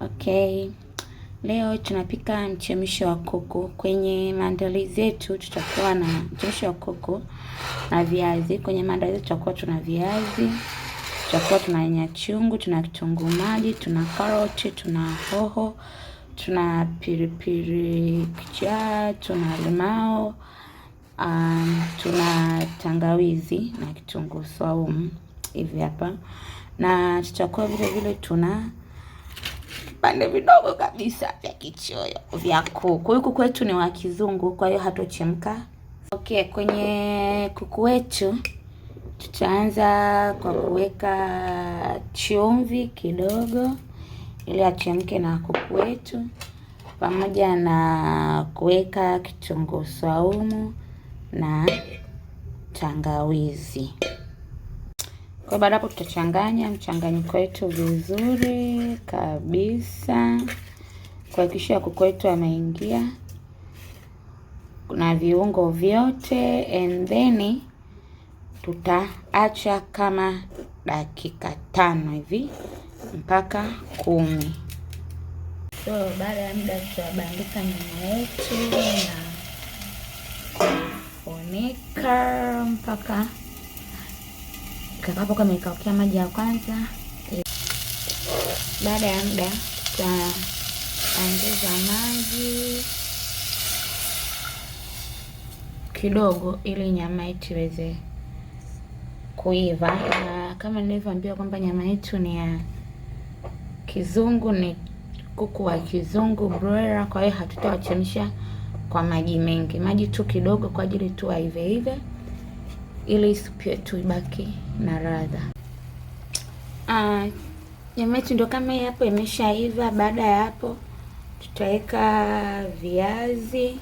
Okay. Leo tunapika mchemsho wa kuku. Kwenye maandalizi yetu tutakuwa na mchemsho wa kuku na viazi. Kwenye maandalizi tutakuwa tuna viazi, tutakuwa tuna nyanya chungu, tuna kitunguu maji, tuna karoti, tuna hoho, tuna pilipili kichaa, tuna limao, um, tuna tangawizi na kitunguu saumu hivi hapa, na tutakuwa vile vile tuna vipande vidogo kabisa vya kichoyo vya kuku. Huyu kuku wetu ni wa kizungu, kwa hiyo hatochemka. Okay, kwenye kuku wetu tutaanza kwa kuweka chumvi kidogo ili achemke na kuku wetu, pamoja na kuweka kitunguu saumu na tangawizi. Kwa baada hapo tutachanganya mchanganyiko wetu vizuri kabisa kuhakikisha kuku wetu ameingia na viungo vyote, and then tutaacha kama dakika tano hivi mpaka kumi. So baada ya muda tutabandika nyama yetu na kufunika mpaka hapo kama nikaokea maji ya kwanza. Eh, baada ya muda tutaongeza maji kidogo, ili nyama yetu iweze kuiva. Na kama nilivyoambia kwamba nyama yetu ni ya kizungu, ni kuku wa kizungu broiler, kwa hiyo hatutawachemsha kwa maji mengi, maji tu kidogo, kwa ajili tu aive ive ili isipie tu ibaki na ladha. Nyama ah, yetu ndio kama hii hapo, imeshaiva. Baada ya hapo, tutaweka viazi,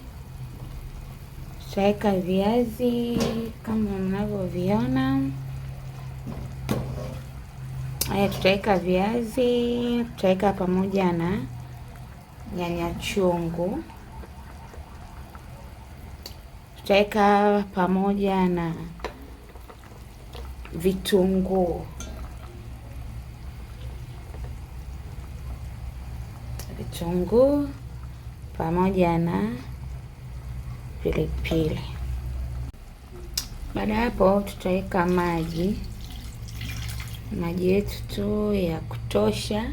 tutaweka viazi kama mnavyoviona. Haya, tutaweka viazi, tutaweka pamoja na nyanya chungu, tutaweka pamoja na vitunguu vitunguu pamoja na pilipili. Baada ya hapo, tutaweka maji maji yetu tu ya kutosha,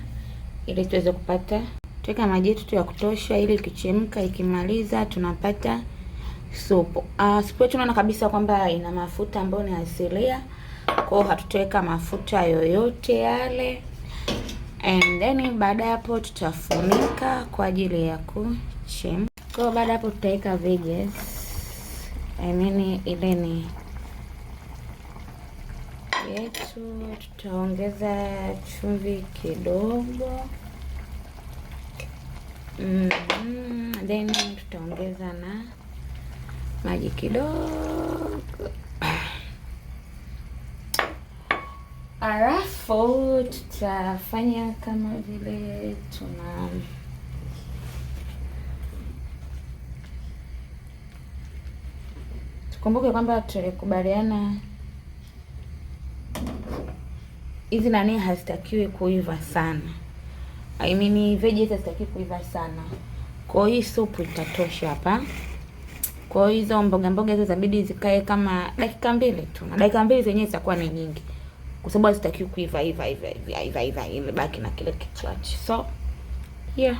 ili tuweze kupata, tuweka maji yetu tu ya kutosha, ili ikichemka, ikimaliza tunapata supu. Uh, supu yetu unaona kabisa kwamba ina mafuta ambayo ni asilia kwao hatutaweka mafuta yoyote yale, and then baada hapo tutafunika kwa ajili ya kuchem. Kwa hiyo baada hapo tutaweka veggies, I mean ile ni yetu, tutaongeza chumvi kidogo mm -hmm. Then tutaongeza na maji kidogo alafu tutafanya kama vile tuna tukumbuke kwamba tulikubaliana hizi nani hazitakiwi kuiva sana. I mean veggies hazitakiwi kuiva sana, kwa hiyo supu itatosha hapa. Kwa hiyo hizo mboga mboga hizo zabidi zikae kama dakika mbili tu, na dakika mbili zenyewe zitakuwa ni nyingi kwa sababu kuiva iva iva iva iva iva, imebaki na kile kichache. So yeah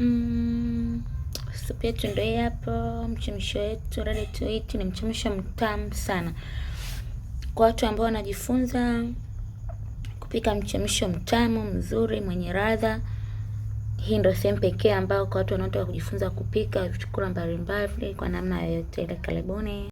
Mm, supu yetu ndio hapo, mchemsho wetu ready to eat. Ni mchemsho mtamu sana kwa watu ambao wanajifunza kupika mchemsho mtamu mzuri mwenye radha. Hii ndio sehemu pekee ambayo kwa watu wanaotaka kujifunza kupika chakula mbalimbali kwa namna yoyote ile. Karibuni.